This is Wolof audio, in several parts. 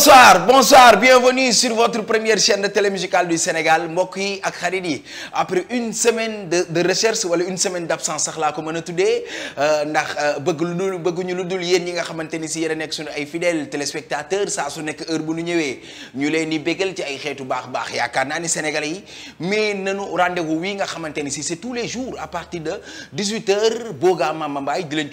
bonsoir bonsoir bienvenue sur votre première chaîne de télé musicale du Sénégal mbokk Akharidi. ak après une semaine de de recherche wala une semaine d'absence, absence sax laa ko mën a tuddee euh, ndax euh, bëgg lu dul bëgguñu si fidèles téléspectateurs ça, su nekk heure bu ñu ñëwee ñu leen di bégal ci ay xeetu baax baax yaakaar ni Sénégalais yi mais nanu rendez-vous wi nga xamante ni si c'est tous les jours à partir de 18h Boga Mama Mbaye di leen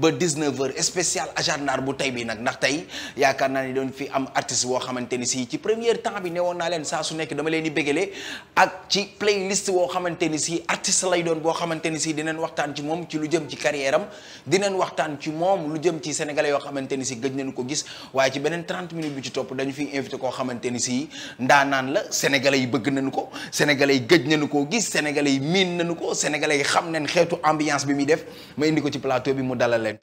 19h spécial agendaar bu tey bi nag ndax tey yaakaar ni doon fi am artiste woo xamante ni si ci première temps bi newoon naa leen saa su nekk dama leen di bégalee ak ci playlist woo xamante ni si artiste lay doon boo xamante ni si dinañ waxtaan ci moom ci lu jëm ci carrière am dinañ waxtaan ci moom lu jëm ci sénégalais yoo xamante ni si gëj nañu ko gis waaye ci beneen 30 minutes bi ci topp dañu fi invité koo xamante ni si ndaanaan la sénégalais yi bëgg nañu ko sénégalais yi gëj na nañu koo gis sénégalais yi miin nañu ko sénégalais yi xam nañ xeetu ambiance bi muy def ma indi ko ci plateau bi mu dalal leen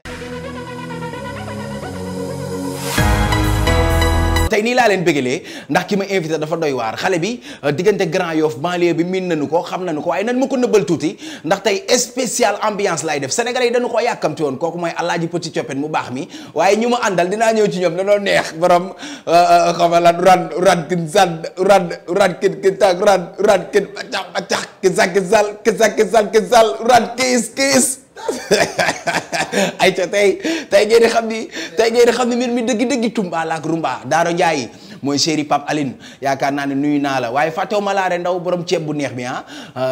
tey nii laa leen bégalee ndax ki ma invité dafa doy waar xale bi euh, diggante Grand Yoff banlieue bi miin na nañu ko xam na nañu ko waaye nan ma ko nëbbal tuuti ndax tey spécial ambiance lay def sénégalais yi dañu ko yàkkamti woon kooku mooy Alaaji ci Coppet mu baax mi waaye ñu ma àndal dinaa ñëw ci ñoom danoo neex borom euh, euh, xama lan ran ran kin san ran ran kin ki tag ran ran kin bacax bacax ki sa ki sal ki sa ki sal ki sal ran kiis kiis ay ca tey tey xam ni tey xam ni mbir mi dëgg-dëgg Tumba la Rumba Daaro Ndiaye moy série pap Aline yakar ah. eh, eh, naa ne nuyu na la waye fàttewu ma ndaw borom cieb bu neex bi ah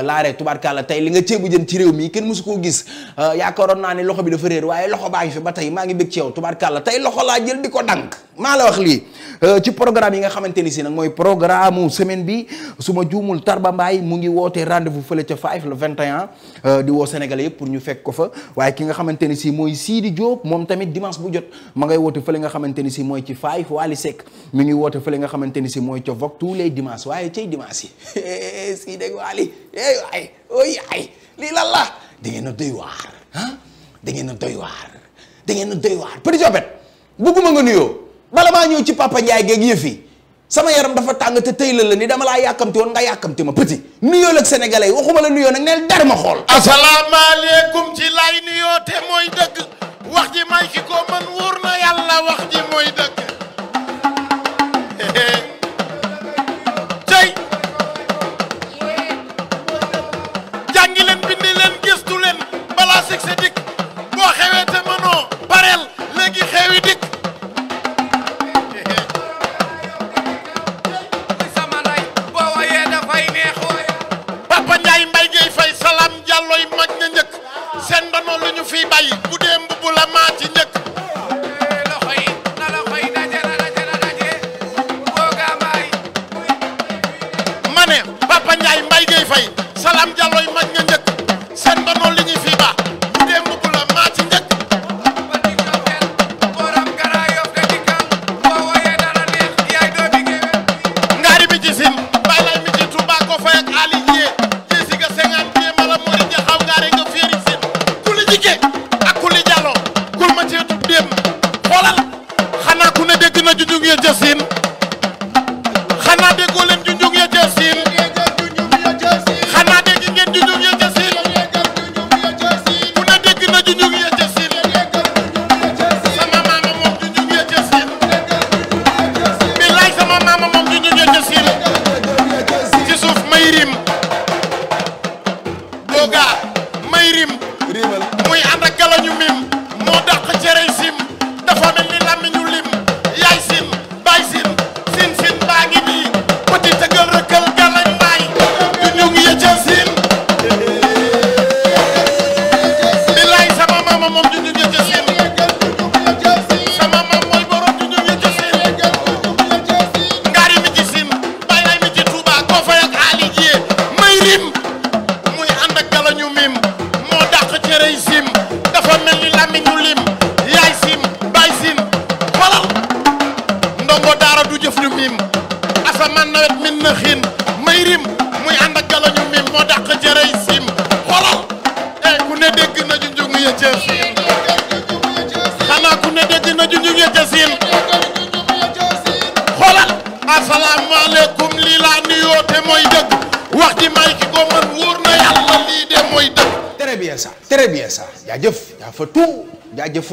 laare tubaarkàlla tay li nga ceebu jën ci rew mi ken musuko gis yaakaaroon naa ni loxo bi dafa réer waye loxo baangi fi batay maangi bekk ci yow tubaarkàlla tay loxo la jël diko dank ma la wax li eh, ci programme yi nga xamanteni si nag programme semaine bi suma djumul Tarba mbay mu ngi wote rendez-vous fele ci 5 le 21 di wo Sénégalais yëpp pour ñu fekk ko fa waye ki nga xamanteni si Sidi Diop mom tamit dimanche bu jot ma ngay wote fele nga xamanteni si ci 5 wali sek mi ngi wote nekk fële nga xamante ni si mooy Cofok tous les dimanches waaye cay dimanche yi eh, si dégg waali ey eh, waay oy ay lii lan la da ngeen a doy waar ah da ngeen a doy waar da ngeen a doy waar Petit Jobet bugguma nga nuyoo bala maa ñëw ci Papa Ndiaye geeg yëf yi sama yaram dafa tàng te tey la la ni dama laa yàkkamti woon nga yàkkamti ma Petit nuyoo ak sénégalais waxuma la nuyoo nag neel dar ma xool asalaamaaleykum ci laay nuyoo te mooy dëgg wax ji may ki ko man wóor na yàlla wax ji mooy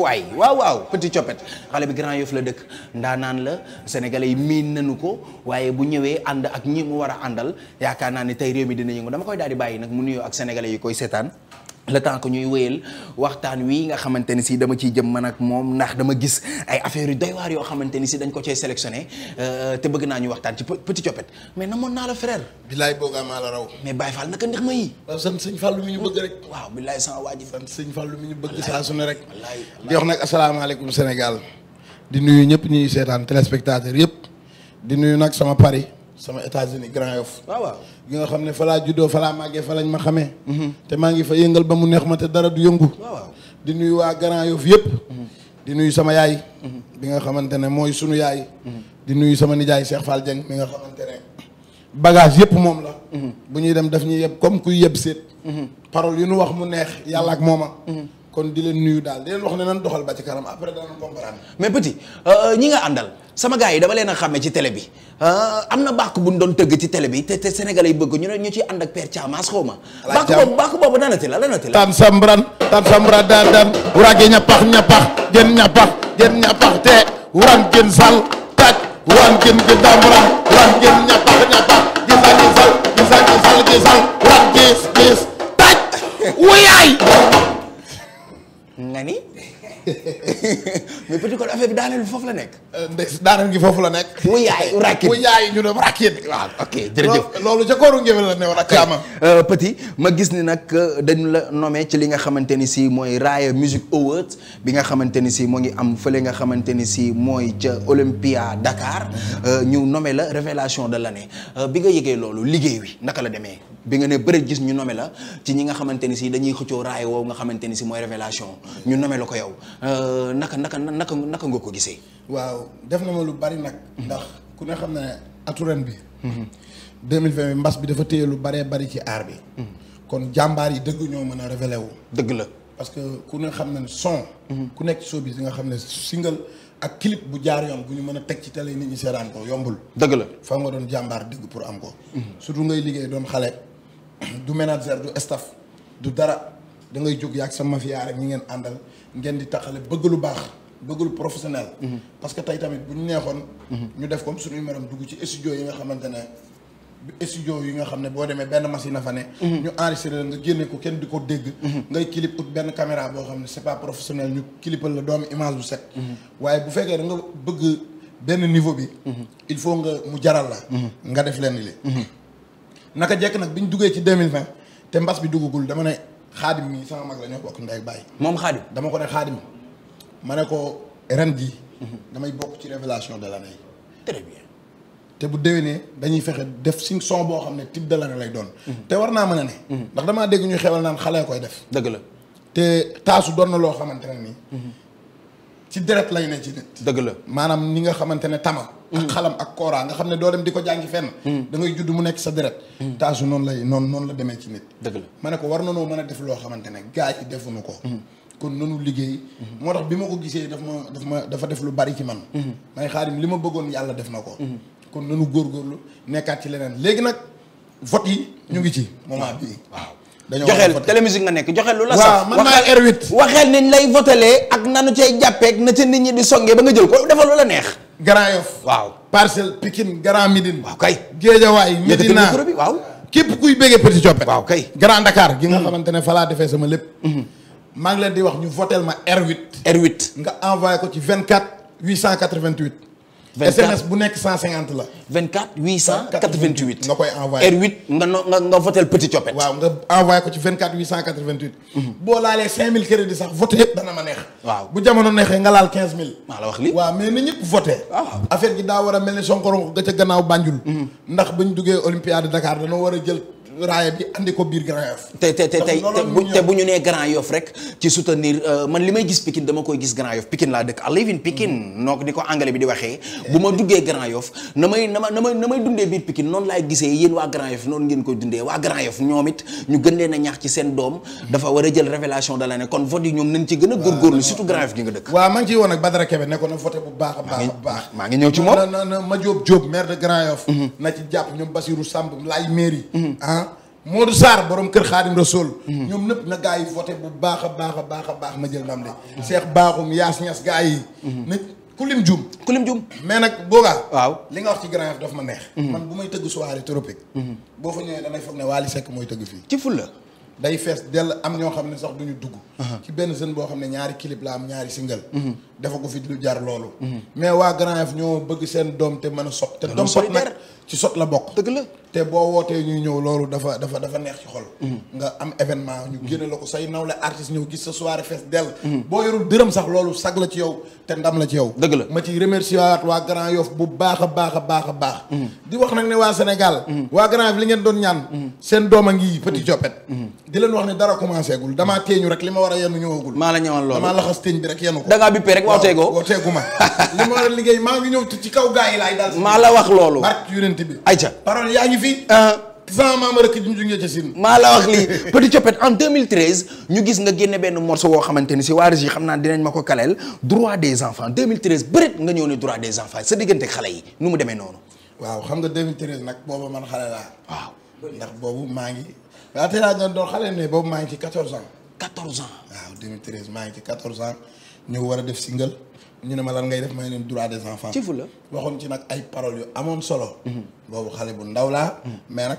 ay waaw waaw petit copet xale bi Grand Yoff la dëkk naan la sénégalais yi miin nañu ko waaye bu ñëwee ànd ak ñi mu war a àndal yaakaar naa ne tey réew mi dina yëngu dama koy daal di bàyyi nag mu nuyoo ak sénégalais yi koy seetaan le temps que ñuy wéyal waxtaan wi nga xamante ni si dama ciy jëm man ak moom ndax dama gis ay affaires yu doy waar yoo xamante ni si dañ ko cee sélectionné euh, te bëgg naa ñu waxtaan ci petit coppet mais namoon naa la frère. billaay boogaa maa la raw. mais Baye Fall naka ndax ma yi. waaw sant sëñ Fallu mi ñu bëgg waaw billaay sama waa ji. sant sëñ Fallu mi ñu bëgg saa su rek. wallaay di wax nag asalaamaaleykum Sénégal. di nuyu ñëpp ñuy seetaan téléspectateur yëpp. di nuyu nag sama Paris. sama États-Unis Grand Yoff waa waaw gi nga xam ne falaa laa falaa fa laa màggee fa lañ ma xamee. Mhm. te maa ngi fa yëngal ba mu neex ma te dara du yëngu. waaw di nuyu waa Grand Yoff yëpp. Mhm. di nuyu sama yaay. Mhm. bi nga xamante ne mooy sunu yaay. di nuyu sama nijaay Cheikh Fall Dieng mi nga xamante ne bagage yëpp moom la. bu ñuy dem daf ñu yeb comme kuy yeb seet. parole yu nu wax mu neex yàlla ak mooma. kon di len nuyu dal di len wax ne nan doxal ba ci karam après da danañ comprendre. mais petit euh, euh ñi nga andal sama gaay yi dama leen xamé ci télé bi euh amna bakku bu ñu doon tëgg ci télé bi té té sénégalais yi bëgg ñu ñu ci and ak père Thiamas bakku bob bakku bob bàkk na danati la la na danati la. tan sambran tan sambra da daan daan wuraan gi ñappax ñappax jën ñappax jën ñappax té wuraan gën sal taj wuraan gën gën dambran wuraan gën ñappax ñappax sal gisal sal gisal sal 何 mais petit kon affaire bi daaneel bi foofu la nekk. Euh, ndax daaneel gi foofu la nekk. mu yaay rakkin mu yaay ñu ne rakkin. waaw ok jërëjëf loolu ca kooru ngéwél la ne war a euh, ma gis ni nag euh, dañu la nome ci li nga xamante ni si mooy Raaya Music bi nga xamante ni si moo ngi am fële nga xamante ni si mooy ca Olympia Dakar mm-hmm. ñu nommé la révélation de ne bi nga yëgee loolu liggéey wi naka la demee bi nga ne bëri gis ñu nommé la ci ñi nga xamante ni si dañuy xëccoo raaya woowu nga xamante ni si mooy révelation ñu nommé la ko yow Euh, naka naka naka naka nga ko gisee. waaw def na ma lu bari nag. Mhm. ndax ku ne xam ne atu ren bi. 2020 mhm. bi mbas bi dafa téye lu baree bari ci aar bi. Mhm. kon jàmbaar yi dëgg ñoo mën a révélé wo dëgg la parce que ku ne xam ne son. ku nekk ci showbiz nga xam ne single ak clip bu jaar yoon bu ñu mën a teg ci télé nit ñi seeraan ko yombul. dëgg la fa nga doon jàmbaar dëgg pour am ko. surtout ngay liggéey doon xale. du manager du staff du dara da ngay jóg yaak sa mafia rek ñi ngeen àndal. ngeen di taxale bëgg lu baax bëgg lu professionnel. Mhm. parce que tey tamit bu ñu neexoon. Mhm. ñu def comme suñuy meram dugg ci studio yi nga xamante ne yi nga xam ne boo demee benn machine a fa ne. Mhm. ñu enregistré nga génne ko kenn di ko dégg. ngay clip ut benn caméra boo xam ne c'est pas professionnel ñu clipal la doomu image bu set. waaye bu fekkee da nga bëgg benn niveau bi. il faut nga mu jaral la. nga def lenn li naka jekk nag bi ñu duggee ci de mille vingt te mbas bi xaadim mi sama mag la ñoo bokk ndey bàyyi. moom xaadim dama ko ne xaadim ma ne ko ren jii. damay bokk ci révélation de la très te bu ne dañuy fexe def suñ son boo xam ne type de ne lay doon. te war naa mën a ne. ndax damaa dégg ñu xewal naan xale koy def. dëgg la te taasu doon na loo xamante ne nii. ci deret lay ne ci nit. dëgg la maanaam ñi nga xamante ne tama. ak xalam ak kooraa nga xam ne doo dem di ko jàngi fenn hmm. da ngay mu nekk sa deret hmm. taasu noonu lay noonu noonu la demee ci nit dëgg ma ne ko war nanoo mën a def loo xamante ne gars yi defuñu ko hmm. kon nanu liggéey moo tax bi ma ko gisee daf ma daf ma dafa def lu bari ci man may xaadim li ma bëggoon yàlla def na ko kon nanu góorgóorlu nekkaat ci leneen léegi nag vote yi ñu ngi ci moment bii waaw dañoo joxeel télémusique nga nekk joxeel lu la sax. waaw man maa R8 waxeel ni lay votelee ak nanu cay jàppeek na ca nit ñi di songee ba nga jël ko defal lu la neex. Grand Yoff. waaw Parcelles Pikine Grand Médine. waaw kay Géejawaay Médina waaw. képp kuy béggee Petit Coppe. waaw kay Grand ndakaar gi nga mm-hmm. xamante ne fa laa defee sama lépp. Mm-hmm. maa ngi leen di wax ñu votel ma R8. R8 nga envoyé ko ci 24 888. SMS bu 150 la. 24 888. nga koy R8 nga no nga petit copet. waaw nga envoyé ko ci 24 888. boo les 5000 crédit sax voté yëpp dana ma neex. waaw bu jamono neexee nga laal 15000. ma la wax li waaw mais na ñepp voté. affaire gi da wara a mel ni Sonkorongo ga ca gannaaw Banjul. Mhm. ndax buñ duggé Olympiade de Dakar danoo war jël. raaya bi andi ko biir Grand Yoff. te te te bu ñu nee Grand Yoff rek ci soutenir euh, man li may gis Pikine dama koy gis Grand Yoff Pikine laa dëkk I live mhm. ko anglais bi di waxee. bu ma duggee Grand Yoff na may na ma na noonu laay gisee yéen waa Grand Yoff noonu ngeen koy dundee waa Grand Yoff ñoom it ñu gën leen a ñaax ci seen doom. dafa war a jël révélation de l'année kon vote yi ñoom nañ ci gën a góorgóorlu surtout Grand Yoff gi nga dëkk. waaw maa ngi woon ak Badara Kebe ne ko na voté bu baax a baax maa ngi ñëw ci moom ma Diop Diop maire de Grand Yoff mhm. Modou Sarr borom kër Xaadim Rasool ñoom ñëpp na gaa yi voté bu baax a baax a baax a baax ma jël ndam de Cheikh Bakhoum Yaas Ñas gaa yi mhm. na kulim jum kulim jum mais nag boogaa waaw li nga wax ci Grand Yoff daf ma neex mhm. man bu may tëgg soirée tropique mhm. boo fa ñëwee damay foog ne Wally Seck mooy tëgg fii ci fulla day fees dell am ñoo xam ne sax duñu dugg ci benn jeune boo xam ne ñaari clip la am ñaari single dafa ko fi lu jar lolu mhm. mais wa Grand f ñoo bëgg seen dom te mëna sop sot. te doom sot nag ci sot la bok deug la te bo wootee ñu ñëw lolu dafa dafa dafa neex ci xol. Mhm. nga am événement ñu gënal la ko say nawle artiste ñëw gis ce soir fees del mhm. bo yorul dërëm sax lolu sag la ci yow te ndam la ci yow. deug la ma ci remercier waat wa Grand yof bu baaxa baaxa baaxa baax di wax nak ne wa Sénégal. wa Grand f li ngeen doon ñaan. seen dom ngi petit jopet. di leen wax ne dara commencé gul dama teeñu rek lima wara yenu a yenn ñëwagul. maa la ñëwal loolu damaa laxas bi rek yenu ko rek wooteegoo wooteegu ma li ma war a maa la wax loolu barke yonent ah. la wax lii Petit Thiopete en 2013 gis nga génne benn morceau woo xamante ni si waa yi xam naa dinañ ma ko kaleel droit des enfants 2013 nga ñëw ne droit des enfants sa diggante xale yi nu mu demee noonu. waaw xam nga 2013 nag booba man xale laa. boobu maa ngi waaw te laa maa ngi ci 14 ans. 14 ans waaw 2013 ñu war a def single ñu ne ma lan ngay def may leen droit des enfants. ci fu la waxoon ci nag ay paroles yu amoon solo. Mhm. boobu xale bu ndaw laa. Mhm. mais nag.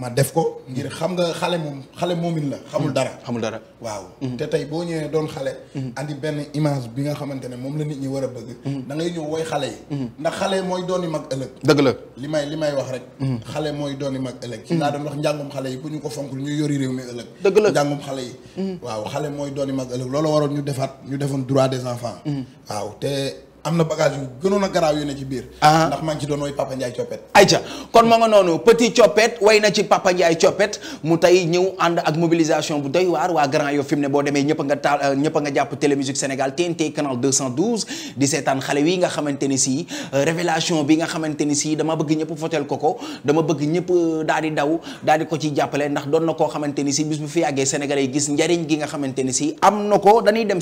ma def ko ngir xam nga xale moom xale moomin la xamul dara mm-hmm. xamul dara waaw mm-hmm. te tey boo ñëwee doon xale mm-hmm. andi benn image bi nga xamante ne moom la nit ñi war a bëgg da ngay ñëw woy xale yi ndax xale mooy dooni mag ëllëg dëgg la li may li may wax rek xale mooy dooni mag ëllëg ci laa doon wax njàngum xale yi bu ñu ko fonkul ñu yori réew mi ëllëg dëgg la njàngum xale yi waaw xale mooy dooni mag ëllëg loolu waroon ñu defaat ñu defoon droit des enfants waaw te amna bagage a ne ci biir. Ah. ndax ma ci Papa kon ma nga petit chopet, way na ci Papa ndjay Chopet. mu tay ñëw and ak mobilisation bu doy war wa Grand yo fimne bo nga TNT euh, canal 212 di seetaan xalé wi nga xamanteni euh, révélation bi nga xamanteni si dama bëgg ñëpp fotel koko dama bëgg ñëpp euh, daal daw daal ko ci jappalé ndax don na ko xamanteni bis bu fi Sénégalais dem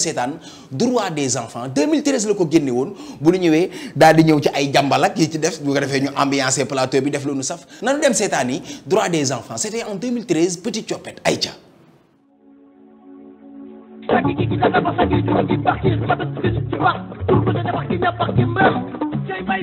droit des enfants 2013 le ko bu ñu ñëwee daal di ñëw ci ay jàmbal yi ci def bu ko defee ñu ambiancé plateau bi def lu nu saf nanu dem seetaan yi droit des enfants c'était en 2013 Petit Coppet ay bay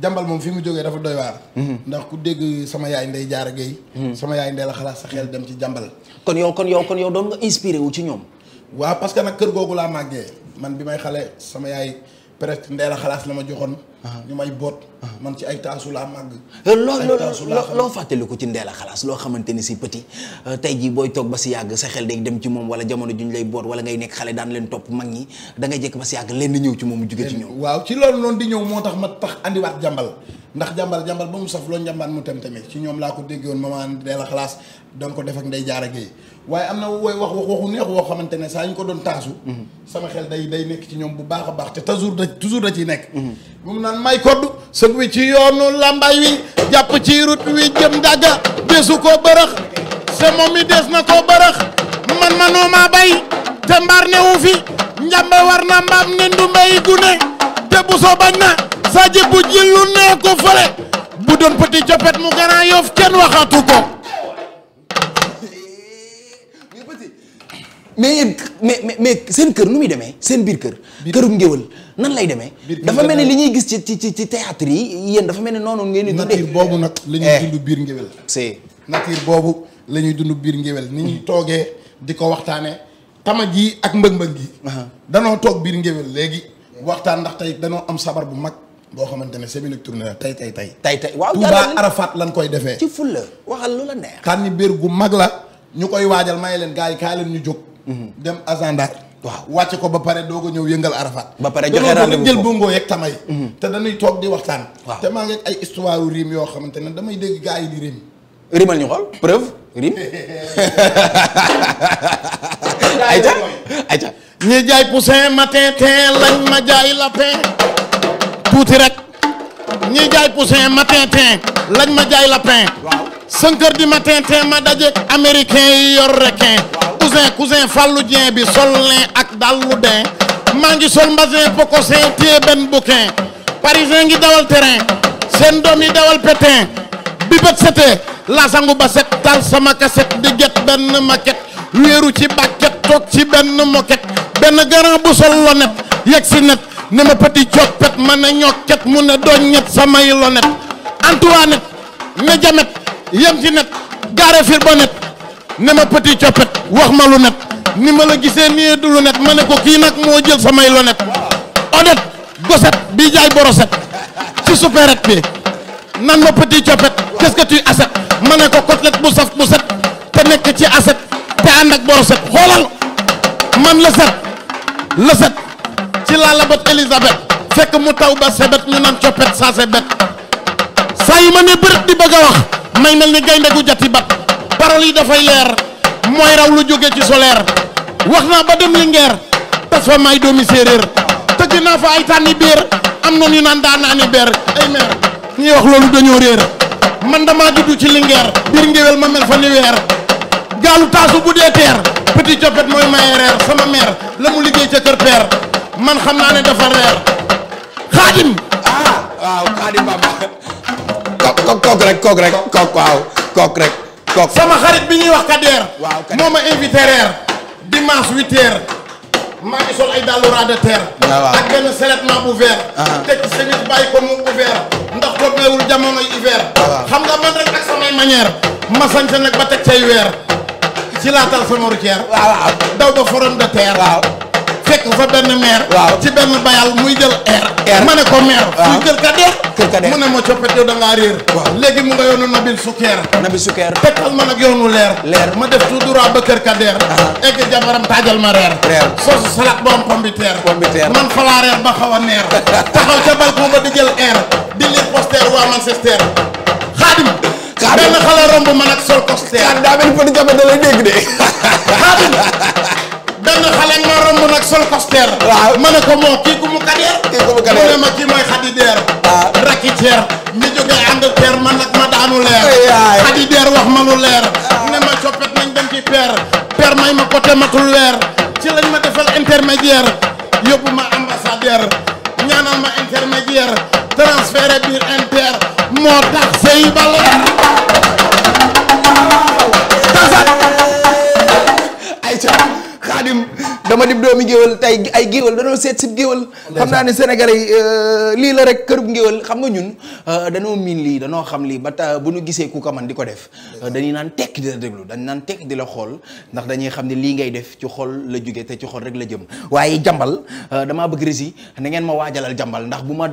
jambal moom fi mu jógee dafa doy waar. Mhm. ndax ku dégg sama yaay ndey a géey mhm. sama yaay ndey la xalaas sa xel dem ci jàmbal. kon yow kon yow kon yow doon nga inspiré wu ci ñoom. waaw parce que nag kër googu laa màggee man bi may xale sama yaay presque ndey la xalaas la ma joxoon. ñu may boot man ci ay eh, lo lo lo lool lo lo ci ndeel lo xalaas loo lo ni si petit eh, tey jii booy toog ba si yàgg sa xel day dem ci moom wala jamono juñ lay boot wala ngay nekk xale daan leen topp mag ñi da ngay jekk ba si yàgg leen di ñëw ci moom jóge ci ñoom eh, waaw ci loolu noonu di ñëw moo tax ma tax andiwaat jàmbal ndax jàmbal jàmbal ba mu saf lo njàmbaan mu tem tamit ci ñoom laa ko déggoon maman ndeel a xalaas ko def ak ndey jaara géey waaye am na wax wax waxu neex woo xamante ne ko doon taasu mhm. sama xel day day nekk ci ñoom bu baax a baax te toujours da toujours da ciy nekk mhm. naan may koddu sëg wi ci yoonu lambay wi jàpp ci route wi jëm dagga desu ko bërëx se mi des na ko bërëx man manooma bay te mbaar newu fi njambe war na mbaam ne ndumbay gune te buso bañ na sa ji bu jillu nee fële bu doon petit copet mu gën a yof waxatu ko mais mais mais seen kër nu muy demee seen biir kër. këru ngéwël nan lay demee. dafa mel ni li ñuy gis ci ci ci ci théâtre yi yéen dafa mel ni noonu ngeen di. dundee nature boobu nag la ñuy eh. dund biir ngéwël. c'est nature boobu la ñuy dund biir ngéwël ni hmm. toogee di ko waxtaanee tama ji ak mbëg-mbëg yi. Uh-huh. danoo toog biir ngéwël léegi. waxtaan ndax tey danoo am sabar bu mag. boo xamante ne semaine tournée la tey tey tey. tey tey waaw Touba lan koy defee. ci fula waxal lu la neex. tànn biir gu mag la ñu koy waajal may leen gars yi kaay leen ñu jóg Mhm. dem Azandar. waaw wàcce ko ba pare doo ko ñëw yëngal Arafat. ba pare joxe rendez-vous jël bongo yeeg tama yi. Mhm. te dañuy toog di waxtaan. waaw te maa ngi ay histoire yu riim yoo xamante ne damay dégg gars yi di riim. riimal ñu xool preuve riim. ayca ayca. ñi jaay poussin matin teel lañ ma jaay lapin tuuti rek ñi jaay poussin matin teel lañ ma jaay la waaw 5 di du matin teel ma daje américain yi yor requin. cousin cousin Fallou Dieng bi sol lin ak dallu den maa ngi sol mbasin pocosin téye benn bouquin parisien ngi dawal terrain seen doom yi dawal pétain bi bët setee laa sangu ba set tal sama kaset di get benn maquette wéeru ci bàkket toog ci benn moquette benn garant bu sol lonet yegg si net ne ma petit coppet ma ne ñokket mu ne doñ ñet samay lonet Antoinette ne jamet yem ci net gaare firbonet ne ma petit coppet wax ma lu ni ma la gisee nii du lu ma ne ko kii nag moo jël samay lu net odet goset bi jaay boroset ci supérette bi nan ma petit copet qu'est-ce que aset ma ne ko côtelette bu saf bu set te nekk ci aset te ànd ak boroset xoolal man la set la ci laa la bët Elisabeth fekk mu taw ba sebet ñu naan copet saa sebet saa yi ma ne bërët di bëgg a wax may mel ni gaynde gu jati bat parole yi dafay leer moy raw lu joge ci solaire waxna ba dem Linguère tas fa may doomi séeréer tëgg naa fa ay tànni bir amna na ñu naan daa naani ber ay mer ñi wax lolu dañu réer man dama jiddu ci Linguère bir ngeewel ma mel fa ni wer galu taasu bu de teer petit jopet moy may reer sama mer la mu liggéey ca kër man xamna ne dafa reer khadim ah waaw baba kok kok kok rek kok rek kok waaw kok rek toog sama xarit bi ñuy wax Kader. waaw Kader moo ma invité reer dimanche huit heures. maa ngi sol ay dàllu ras de terre. Ah, ak benn survêtement bu vert. Ah. teg ci chemise bàyyi ko mu ouvert ndax boobu newul jamono hiver. Ah, xam nga man rek ak samay manière ma sañse nag ba teg cay weer. ci laatal sama routière. waaw daw ba forum de terre. fekk fa benn maire. waaw ci benn bayal muy jël air. air ma ne ko maire. waaw kër Kader. kër Kader mu ne ma coppite yow da ngaa réer. waaw léegi mu nga yoonu Nabil Souker. Nabil Souker tekkal ma nag yoonu leer. leer ma def tout droit ba kër Kader. egg jabaram taajal ma reer. reer soosu salade bu am pombiteer. pombiteer man fa reer ba xaw a neer. taxaw ca balcon ba di jël air. di lire waa Manchester. xaadim. benn xale romb man ak sol poster. daa mel ni Fodou Diabé da lay dégg de. xaadim. benn xale ma romb nag sol poster, waaw ma ne ko moo kii ku mu kadeer kii ku mu kadeer mu ne ma kii mooy xadi deer waaw rakki ceer mi jógee Angleterre man nag ma daanu leer xadi deer wax ma lu leer ne ma coppet nañ dem ci peer peer may ma côté matul weer ci lañ ma defal intermédiaire yóbbu ma ambassadeur ñaanal ma intermédiaire transféré biir inter moo tax sëy ba leer dama dib doomi géwal tey ay géwal danoo seet si géwal xam naa ne sénégalais yi euh, lii la rek kërub géwal xam nga ñun euh, danoo miin lii danoo xam lii ba ta bu ñu gisee ku ko man di ko def euh, dañuy naan tekk di la déglu dañ naan tekk di la xool ndax dañuy xam ne lii ngay def ci xool la jóge te ci xool rek la jëm waaye jambal damaa bëgg rési na ngeen ma waajalal jambal ndax bu ma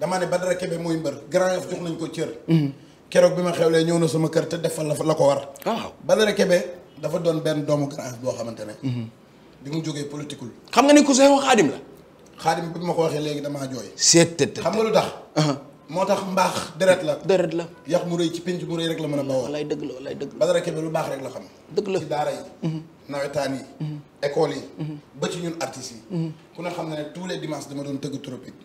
dama ne Badara Kebe moy mbeur Grand yof jox nañ ko cieur kérok bima xewle ñëw na sama kër te defal la fa la ko war. Badara Kebe dafa don ben doomu Grand bo xamantene di ne. bi mu jógee politique xam nga ni ku seexu xadim la. xadim bu ma ko waxee léegi damaa jooy. seet xam nga lutax motax mbax deret la. deret la yax mu reuy ci pinj mu reuy rek la meuna a bawoo. deug dëgg la walaay dëgg Badara Kebe lu bax rek la xam. deug la ci dara yi. nawetani école yi. ba ci ñun artiste yi. ku na xam na tous les dimanches dama doon teug tropique.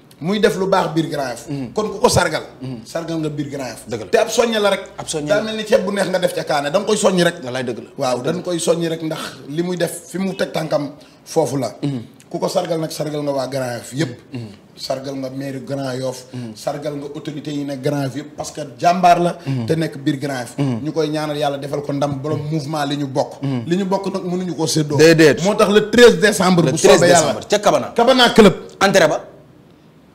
muy def lu baax biir Grand Yoff mm-hmm. kon ku ko sargal mm-hmm. sargal nga biir Grand Yoff dëgg te ab soññe la rek ab soññe daa mel ni ceeb bu neex nga def ca kaane da nga koy soññi rek walaay dëgg la waaw dañ koy soññi rek ndax li muy def fi mu teg tànkam foofu la mm-hmm. ku ko sargal nag sargal nga waa Grand Yoff yëpp sargal nga maire Grand Yoff sargal nga autorité yi nekk Grand yëpp parce que jàmbaar la te nekk biir Grand Yoff ñu koy ñaanal yàlla defal ko ndam borom mouvement li ñu bokk li ñu bokk nag mënuñu koo séddoo déedéet moo tax le 13 décembre bu soobee yàlla ca Kabana Kabana club entrée ba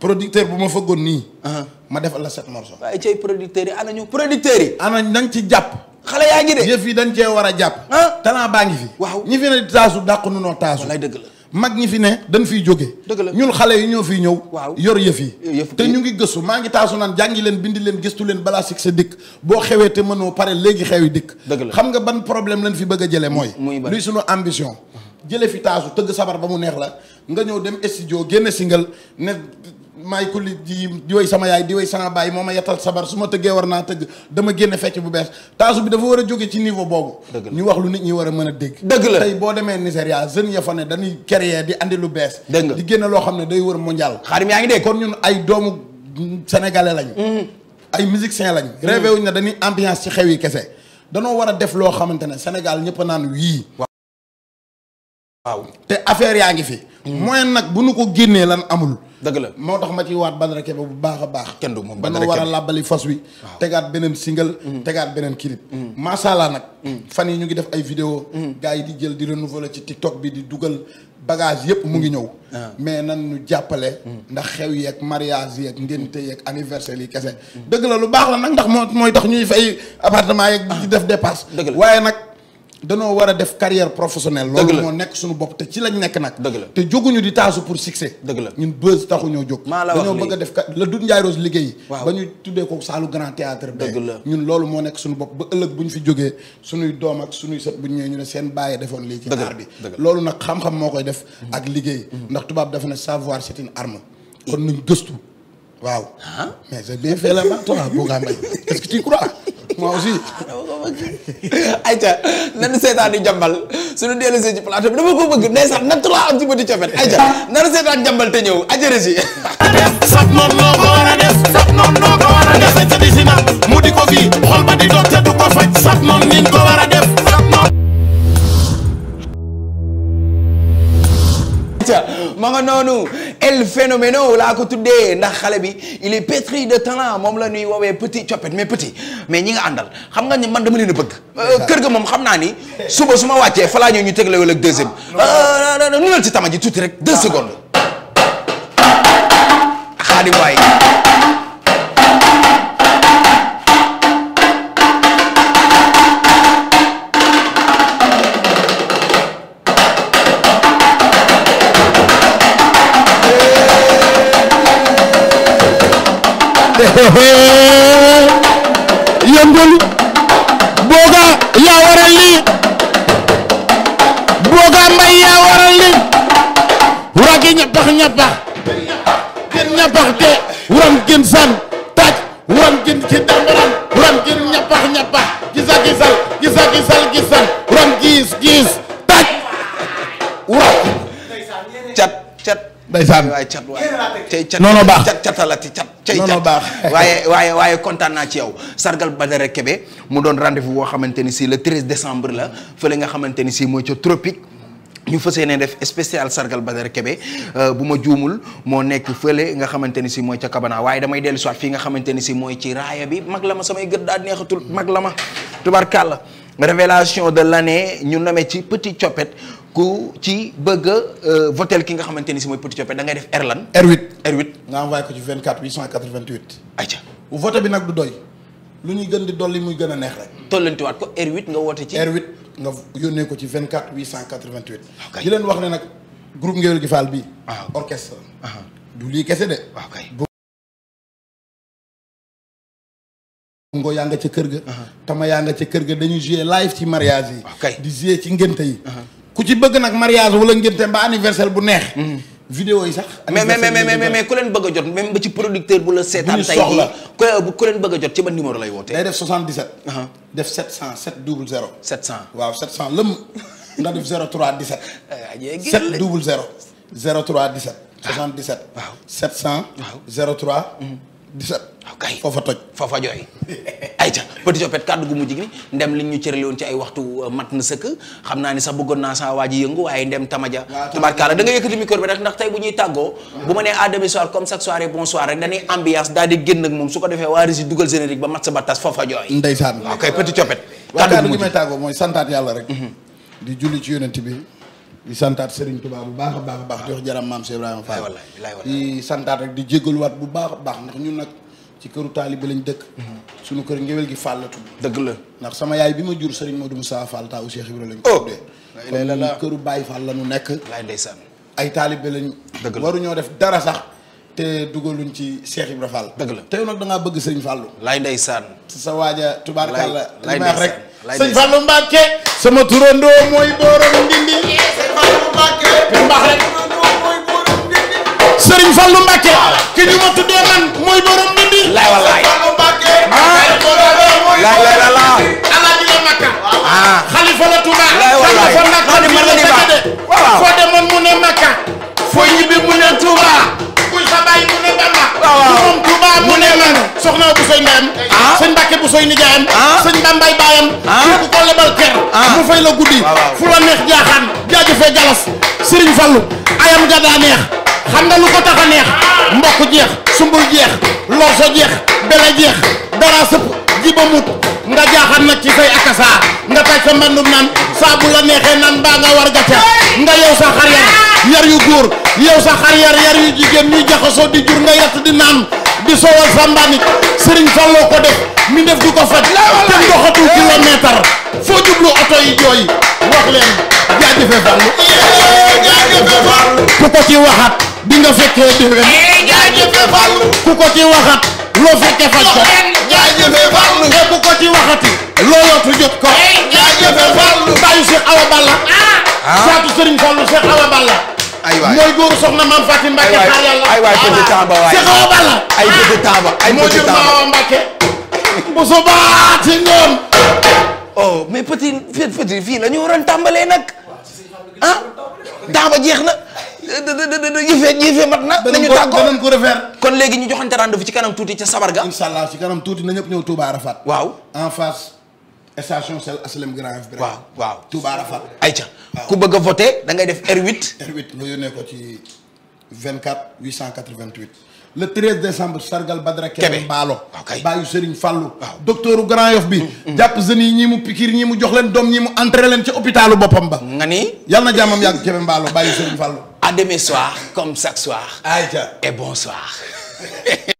producteur bu ma fëggoon nii. ma defal la sept morceaux. waaye producteurs yi ana ñu producteurs yi. ana nañ ci jàpp. xale yaa ngi de. yëf yi dañ cee war a jàpp. Ah. talent baa ngi fi. waaw ñi fi ne taasu dàq nu noo taasu. wallaay dëgg ñi fi ne dañ fiy jóge. dëgg la ñun xale yi ñoo fiy ñëw. waaw yor yëf yi. te ñu ngi gëstu maa ngi taasu naan jàngi leen bindi leen gëstu leen balaa sig sa dikk boo xewee te mënoo pare léegi xew yi dikk. dëgg la xam nga ban problème lañ fi bëgg a jëlee mooy. luy suñu ambition. jële fi taasu tëgg sabar ba mu neex la nga ñëw dem studio génne single ne maay kulli di woy sama yaay di woy sama baay moo ma yettal sabar su ma tëggee war naa tëgg dama génne fecc bu bees taasu bi dafa war a jóge ci niveau boobu ñu wax lu nit ñi war a mën a dégg dëgg la tey boo demee Nigéria jeunes ya fa ne dañuy créer di andi lu bees dëgg nga di génne loo xam ne day wër mondial xaarim yaa ngi dégg kon ñun ay doomu sénégalais lañu mm-hmm. ay musiciens lañ mm-hmm. rêvé wuñ ne dañuy ambiance ci xew yi kese danoo war a def loo xamante ne Sénégal ñëpp naan wii waaw te affaire yaa ngi fi mm-hmm. moyen nag bu nu ko génnee lan amul dëgg la moo tax ma ci waat Badara Kebe bu baax a baax. kenn du moom Badara Kebe war a làbbali fas wi. tegaat beneen single. Mm. tegaat beneen clip. Mm. macha allah nag. Mm. fan yi ñu ngi def ay vidéo gars yi di jël di renouveler ci TikTok bi di dugal bagage yëpp mu ngi ñëw. Ah. mais nan ñu jàppale. ndax xew yeeg mariage yeeg ngénte yeeg anniversaire yi kese. dëgg la lu baax la nag ndax moo mooy tax ñuy fay apartement yeeg. Ah. di def dépasse. waaye nag. danoo war a def carrière professionnelle. dëgg loolu moo nekk suñu bopp te ci lañ nekk nag. dëgg la te jóguñu di taasu pour succès. dëgg la ñun buzz taxuñoo jóg. maa la wax dañoo bëgg a def la du Ndiaye Rose liggéey. waaw ba ñu tuddee ko saalu grand théâtre dëgg ñun loolu moo nekk suñu bopp ba ëllëg bu ñu fi jógee suñuy doom ak suñuy sët bu ñu ñëwee ne seen bàyyi defoon lii. ci aar bi loolu nag xam-xam moo koy def. Mm-hmm. ak liggéey. Mm-hmm. ndax tubaab dafa ne savoir c'est une arme. kon nuñ gëstu waaw. Ah. mais c'est bien fait là toi Bouga Mbaye est moi aussi. ayca nanu seetaan di jàmbal suñu dellusee ci plateau bi dama ko bëgg ndeysaan na trois am ci bëti cofet ayca nanu seetaan jàmbal te ñëw ajërë si sab noon noo ko war a def sab noon noo ko war a def sa di na mu di ko fii xol ba di doog te du ko faj sab noon nin ko war a ayca ma nga noonu El Phénoméno laa ko tuddee ndax xale bi il est pétri de talent moom la ñuy woowee petit coppet mais petit mais ñi nga àndal xam nga ne man dama leen a bëgg. Euh, kër ga moom xam naa ni suba su ma wàccee fa laa ñëw ñu tegle wala ak deuxième. nu ah, nal euh, ci tama ji tuuti rek deux ah. secondes. xaadim waay. yëmbul iya, booga yaa waral li booga mbay yaa waral li wura gi ñapax ñapax gën ñapax te wuram gën san taaj wuram gën ci dambaram wuram gën ñapax ñapax gisa gisal gisa gisal gisan wuram giis giis taaj wuram cat cat ndeysaan waaye cat waaye tey cat non non baax cat catalati cat cay cat baax waaye waaye waaye kontaan naa ci yow sargal Badara Kebe mu doon rendez-vous boo xamante ni si le 13 décembre la fële nga xamante ni si mooy ca tropique ñu fas yéene def spécial sargal Badara Kebe euh, bu ma juumul moo nekk fële nga xamante ni si mooy ca Kabana waaye damay dellu soit fii nga xamante ni si mooy ci raaya bi mag la ma samay gët daa neexatul mag la ma tubaarkàlla révélation de l'année ñu nommé ci Petit Coppet ku ci bëgg a euh, votel ki nga xamante ci moy Petit Coppet da ngay def R lan. 8 R8. nga envoyé ko ci 24 888. ayta bu vote bi nak du doy lu ñuy gën di doli muy gëna neex rek. wat ko R8 nga voté ci. R8 nga yónnee ko ci 24 888. di leen wax né nak groupe Ngéwél gi Fall bii. Ah. orchestre. Ah. du li kessé dé waaw ah, kay. ngo yaa nga ca kër ga tama yaa nga ca kër ga dañuy jouer live ci mariage yi la seetaan tey soxla ku leen bëgg a jot ci ban numéro lay waaw 700 lëm ah, ah. waaw 17. ok ah, foofa toj foofa jooy ayca Petit Coppet kàddu gu mujj gi ndem liñ ñu cërale woon ci ay waxtu euh, mat na sëkk xam naa ni sax bëggoon naa saa waa yëngu waaye ndem tamaja tubaarkaala da nga yëkkati micro rek ndax tey bu ñuy tàggoo bu ma nee à demi soir comme bonsoir rek dañuy ambiance daal di génn ak moom su ko defee waa régie dugal générique ba mat sa batas foofa jooy ndeysaan ok ah, Petit Coppet kàddu gu mujj mooy santaat yàlla di santar Serigne Touba bu baax a baax a baax di jaram mam Cheikh Ibrahima Fall di santar rek di wat bu baax baax ndax ñun nak ci keuru talib lañ dëkk mhm. suñu keur ngeewel gi Fall tu dëgg la ndax sama yaay bima jur Serigne Modou Moussa Fall taawu Cheikh Ibrahima oh. lañ ko la la keuru Baye Fall la ñu nekk lay ndaysan ay talib lañ dëgg la ñoo def dara sax te dugaluñ ci Cheikh Ibrahima Fall dëgg la tay nak da nga bëgg Serigne Fallou laay ndeysaan sa waja tubaarkalla li lay wax rek Serigne fall Mbacke sama turandoo moy borom ndindi Serigne Fallou Mbacké ki ñu ma tuddee man mooy borom bindi laay wallaay la la la la alaaji la Makka xalifa ah. la Touba xalifa Makka ni man la ni ba foo demoon mu ne Makka mu ne Touba kuy sa bu say ndem ah. Mbacke bu soy nijaayam sëñ Bambay baayam ku ko lebal ker mu fay la guddi fu la neex jaaxaan fe jalas Serigne fallu ayam jada neex xam nga lu ko taxa neex mbokk jeex sumbul jeex loso jeex bela jeex dara sepp ji ba mut nga jaaxaan nak ci fay akasa nga tay sa mbandum nan sa bu la neexé nan ba nga war gàcce nga yow sa xariyar yar yu gor yow sa xariyar yar yu jigen ni jaxoso di jur nga yatt di nan di sowal sàmbaanit sëriñ Falloo ko def mi def du ko faj te doxatul eh. kilomètre foo jublu oto yi jooy wax leen jaajëfe Fallu eh, ku ko ci waxat di fekkee déwén eh, jaajëfe ku ko ci waxat loo fekke faj ko te ku ko ci waxati loo yootu jot ko jaajëfe Fallu bàyyi Cheikh Awa Balla saatu ah. sëriñ Fallu Cheikh Awa Balla waay mooy góoru soxna maam Fatim Mbacke xaar yàlla ay waay petit tamba ay petit tamba ay petit tamba moo jur Maama Mbacke bu su baati ngoon oh mais petit fët fii la ñu waroon tàmbalee nag ah tamba jeex na yëfee yëfee mat na nañu tàggoo danañ ko refaire kon léegi ñu joxante rendez-vous ci kanam tuuti ca sabar ga inshallah ci kanam tuuti na ñëpp ñëw Touba Arafat waaw en station celle Grand grave waaw waaw Touba Arafat. aicha ku bëgg voter da ngay def R8. R8 nga yone ko ci 24 888. le 13 décembre sargal badra Kebe balo ok ah, Serigne Fallou. docteur Grand Yoff bi. Mm, mm. japp jeunes yi ñii mu pikir ñi mu jox leen dom ñi mu entrer leen ci hôpitalu bopam ba. nga ni yàlla na jàmmam Kebe Serigne Fallou. à demain soir comme chaque soir. aicha et bonsoir.